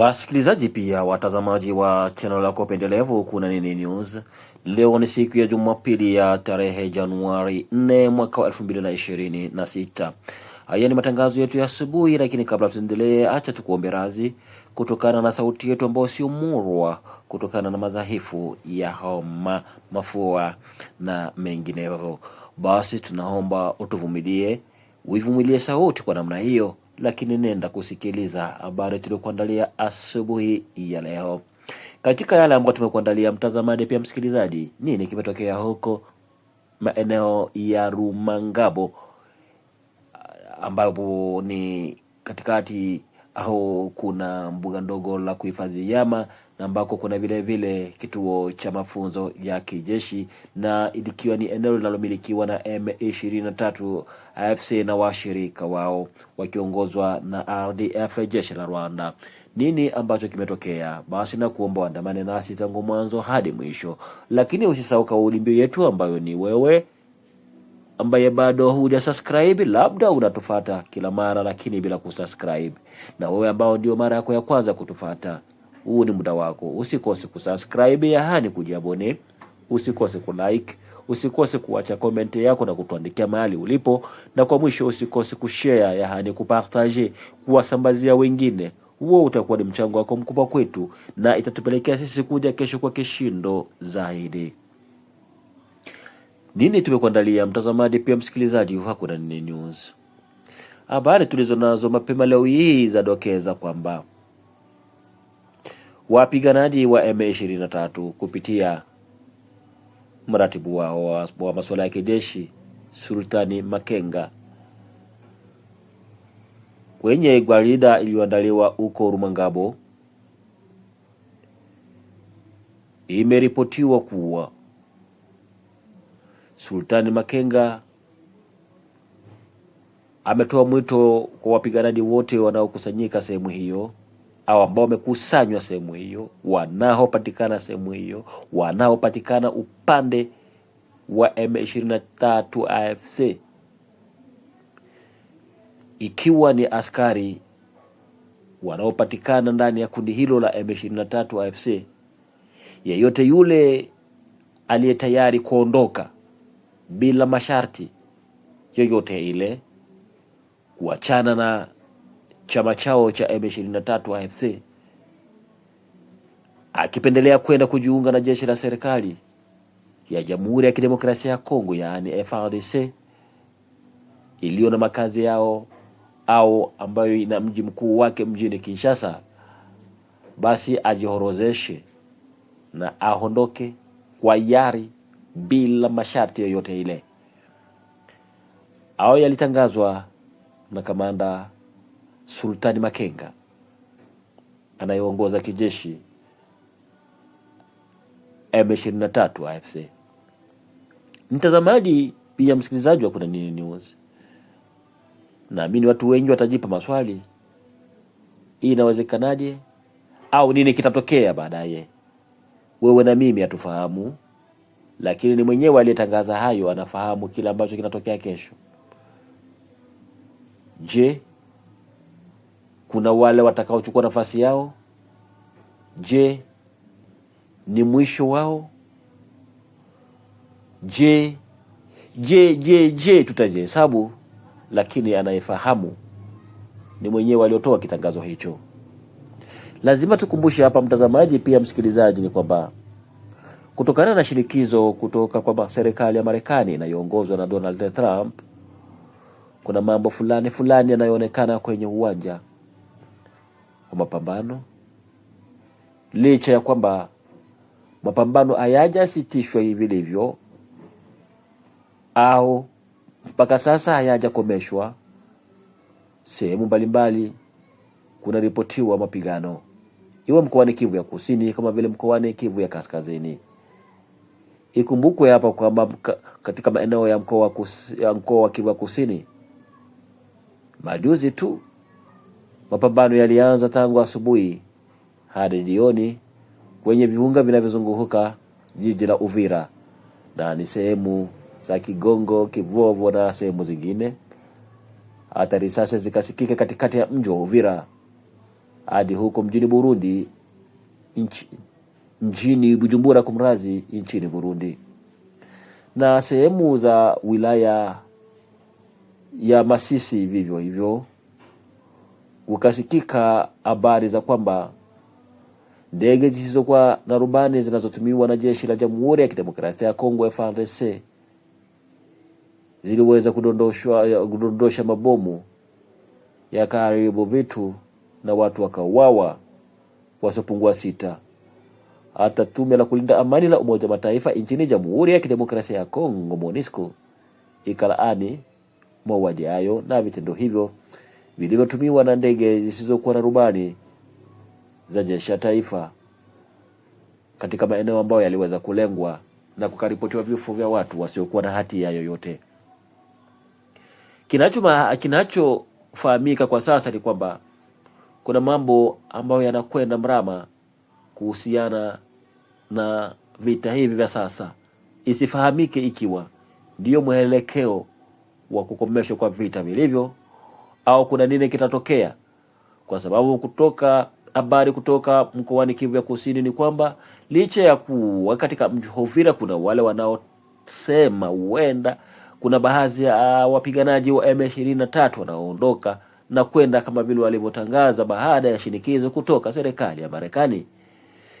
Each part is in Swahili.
Wasikilizaji pia watazamaji wa channel yako pendelevu Kuna Nini News. Leo ni siku ya Jumapili ya tarehe Januari 4 mwaka wa 2026. Haya ni matangazo yetu ya asubuhi, lakini kabla tuendelee, acha tukuombe radhi kutokana na sauti yetu ambayo sio murwa kutokana na madhaifu ya homa, mafua na mengineyo. Basi tunaomba utuvumilie, uivumilie sauti kwa namna hiyo lakini nenda kusikiliza habari tuliokuandalia asubuhi ya leo. Katika yale ambayo tumekuandalia mtazamaji, pia msikilizaji, nini kimetokea huko maeneo ya Rumangabo ambapo ni katikati au kuna mbuga ndogo la kuhifadhi yama na ambako kuna vile vile kituo cha mafunzo ya kijeshi na ilikiwa ni eneo linalomilikiwa na M23 AFC na washirika wao wakiongozwa na RDF, jeshi la Rwanda. Nini ambacho kimetokea? Basi na kuomba andamane nasi tangu mwanzo hadi mwisho, lakini usisahau kauli mbiu yetu ambayo ni wewe ambaye bado huja subscribe, labda unatufata kila mara lakini bila kusubscribe, na wewe ambao ndio mara yako ya kwanza kutufata huu ni muda wako. Usikose kusubscribe yaani Kujiabone, usikose kulike, usikose kuacha comment yako na kutuandikia mahali ulipo, na kwa mwisho usikose kushare Yahani, kupartage, kuwasambazia wengine. Huo utakuwa ni mchango wako mkubwa kwetu na itatupelekea sisi kuja kesho kwa kishindo zaidi. Nini tumekuandalia mtazamaji, pia msikilizaji wa Kuna Nini News? Habari tulizo nazo mapema leo hii zadokeza kwamba wapiganaji wa M23 kupitia mratibu wao wa, wa masuala ya kijeshi Sultani Makenga kwenye gwarida iliyoandaliwa huko Rumangabo, imeripotiwa kuwa Sultani Makenga ametoa mwito kwa wapiganaji wote wanaokusanyika sehemu hiyo au ambao wamekusanywa sehemu hiyo, wanaopatikana sehemu hiyo, wanaopatikana upande wa M23 AFC, ikiwa ni askari wanaopatikana ndani ya kundi hilo la M23 AFC, yeyote yule aliye tayari kuondoka bila masharti yoyote ile, kuachana na chama chao cha M23 AFC akipendelea kwenda kujiunga na jeshi la serikali ya Jamhuri ya Kidemokrasia ya Kongo yaani FARDC iliyo na makazi yao au ambayo ina mji mkuu wake mjini Kinshasa, basi ajihorozeshe na aondoke kwa hiari bila masharti yoyote ile. Hayo yalitangazwa na kamanda Sultani Makenga anayeongoza kijeshi M23 AFC. Mtazamaji pia msikilizaji wa Kuna Nini News, naamini watu wengi watajipa maswali, hii inawezekanaje au nini kitatokea baadaye? Wewe na mimi hatufahamu, lakini ni mwenyewe aliyetangaza hayo anafahamu kile ambacho kinatokea kesho. Je, kuna wale watakaochukua nafasi yao. Je, ni mwisho wao? Je, je, je, je, tutajihesabu? Lakini anayefahamu ni mwenyewe aliotoa kitangazo hicho. Lazima tukumbushe hapa, mtazamaji pia msikilizaji, ni kwamba kutokana na shinikizo kutoka kwa serikali ya Marekani inayoongozwa na Donald Trump, kuna mambo fulani fulani yanayoonekana kwenye uwanja wa mapambano licha ya kwamba mapambano hayajasitishwa vilivyo au mpaka sasa hayajakomeshwa. Sehemu mbalimbali kunaripotiwa mapigano, iwe mkoani Kivu ya Kusini kama vile mkoani Kivu ya Kaskazini. Ikumbukwe hapa kwamba katika maeneo ya mkoa wa Kivu ya Kusini majuzi tu Mapambano yalianza tangu asubuhi hadi jioni kwenye viunga vinavyozunguka jiji la Uvira na ni sehemu za Kigongo, Kivovo na sehemu zingine. Hata risasi zikasikika katikati ya mji wa Uvira hadi huko mjini Burundi nchi, mjini Bujumbura kumrazi nchini Burundi na sehemu za wilaya ya Masisi vivyo hivyo ukasikika habari za kwamba ndege zisizokuwa na rubani zinazotumiwa na jeshi la Jamhuri ya Kidemokrasia ya Kongo FARDC ziliweza kudondosha mabomu yakaharibu vitu na watu wakauawa wasiopungua sita. Hata tume la kulinda amani la Umoja wa Mataifa nchini Jamhuri ya Kidemokrasia ya Kongo MONUSCO ikalaani mauaji hayo na vitendo hivyo vilivyotumiwa na ndege zisizokuwa na rubani za jeshi la taifa katika maeneo ambayo yaliweza kulengwa na kukaripotiwa vifo vya watu wasiokuwa na hatia yoyote. kinachofahamika kwa sasa ni kwamba kuna mambo ambayo yanakwenda mrama kuhusiana na vita hivi vya sasa, isifahamike ikiwa ndiyo mwelekeo wa kukomeshwa kwa vita vilivyo au kuna nini kitatokea, kwa sababu kutoka habari kutoka mkoani Kivu ya Kusini ni kwamba licha ya kuwa katika mji Uvira kuna wale wanaosema huenda kuna baadhi ya ah, wapiganaji wa M23 wanaoondoka na kwenda kama vile walivyotangaza baada ya shinikizo kutoka serikali ya Marekani.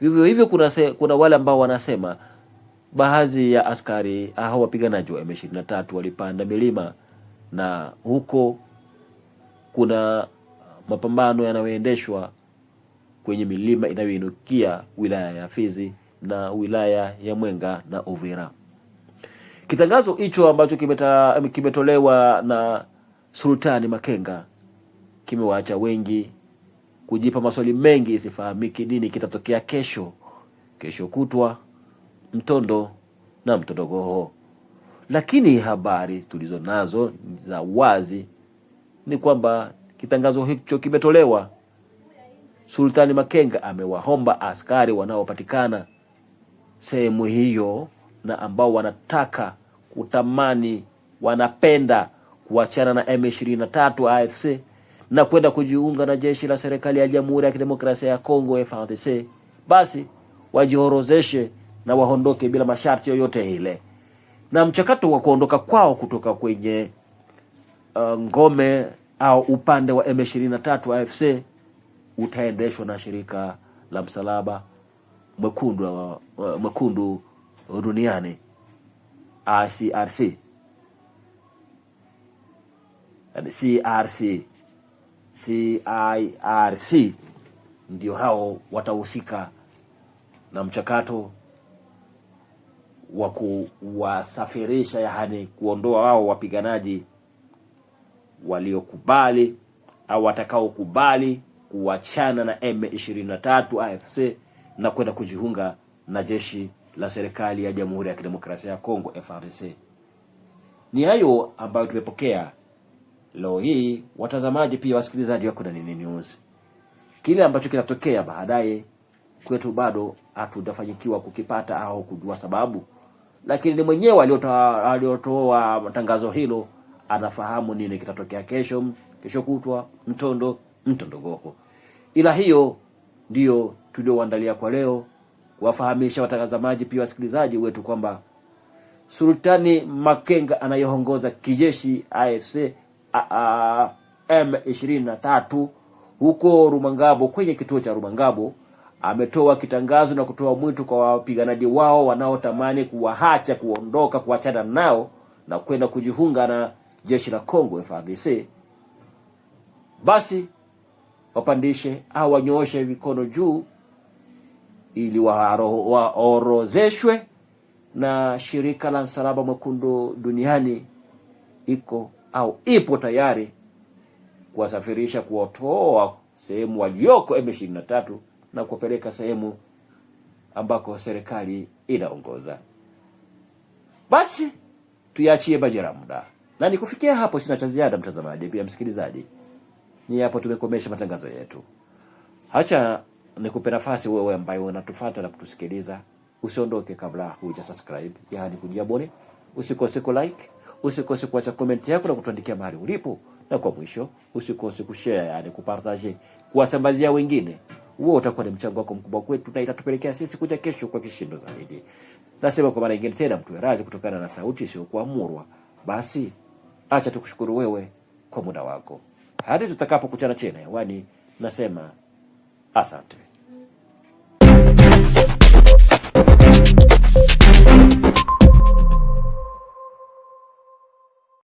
Vivyo hivyo kuna, se, kuna wale ambao wanasema baadhi ya askari hao ah, wapiganaji wa M23 walipanda milima na huko kuna uh, mapambano yanayoendeshwa kwenye milima inayoinukia wilaya ya Fizi na wilaya ya Mwenga na Uvira. Kitangazo hicho ambacho um, kimetolewa na Sultani Makenga kimewaacha wengi kujipa maswali mengi, isifahamiki nini kitatokea kesho, kesho kutwa, mtondo na mtondogoho. Lakini habari tulizo nazo za wazi ni kwamba kitangazo hicho kimetolewa. Sultani Makenga amewahomba askari wanaopatikana sehemu hiyo na ambao wanataka kutamani, wanapenda kuachana na M23 AFC na kwenda kujiunga na jeshi la serikali ya Jamhuri ya Kidemokrasia ya Kongo FARDC, basi wajiorozeshe na waondoke bila masharti yoyote ile. Na mchakato wa kuondoka kwao kutoka kwenye uh, ngome au upande wa M23 AFC utaendeshwa na shirika la msalaba mwekundu uh, uh mwekundu duniani ICRC, CRC CIRC ndio hao watahusika na mchakato wa kuwasafirisha, yaani kuondoa wao wapiganaji waliokubali au watakaokubali kuachana na M23 AFC na kwenda kujiunga na jeshi la serikali ya Jamhuri ya Kidemokrasia ya Kongo FARDC. Ni hayo ambayo tumepokea leo hii, watazamaji pia wasikilizaji wako Danini News. Kile ambacho kinatokea baadaye kwetu bado hatujafanyikiwa kukipata au kujua sababu, lakini ni mwenyewe aliyotoa tangazo hilo anafahamu nini kitatokea kesho, kesho kutwa, mtondo mtondogoko. Ila hiyo ndiyo tulioandalia kwa leo, kuwafahamisha watangazamaji pia wasikilizaji wetu kwamba Sultani Makenga anayeongoza kijeshi AFC M23 huko Rumangabo kwenye kituo cha Rumangabo ametoa kitangazo na kutoa mwito kwa wapiganaji wao wanaotamani kuwahacha kuondoka, kuachana nao na kwenda kujiunga na jeshi la Kongo FARDC, basi wapandishe au wanyooshe mikono juu ili waorozeshwe wa na shirika la Msalaba Mwekundu duniani iko au ipo tayari kuwasafirisha kuwatoa sehemu walioko M23 na kuwapeleka sehemu ambako serikali inaongoza. Basi tuyachie Majeraha muda. Na nikufikia hapo, sina cha ziada mtazamaji, pia msikilizaji. Ni hapo tumekomesha matangazo yetu. Hacha nikupe nafasi wewe ambaye unatufuata na kutusikiliza, usiondoke kabla huja subscribe, yaani kujiabone. Usikose ku like, usikose kuacha comment yako na kutuandikia mahali ulipo, na kwa mwisho usikose kushare, yaani kupartage, kuwasambazia wengine. Huo utakuwa ni mchango wako mkubwa kwetu na itatupelekea sisi kuja kesho kwa kishindo zaidi. Nasema kwa mara nyingine tena, mtu erazi kutokana na sauti isiyokuamurwa. Basi acha tukushukuru wewe kwa muda wako. Hadi tutakapokutana tena hewani, nasema asante.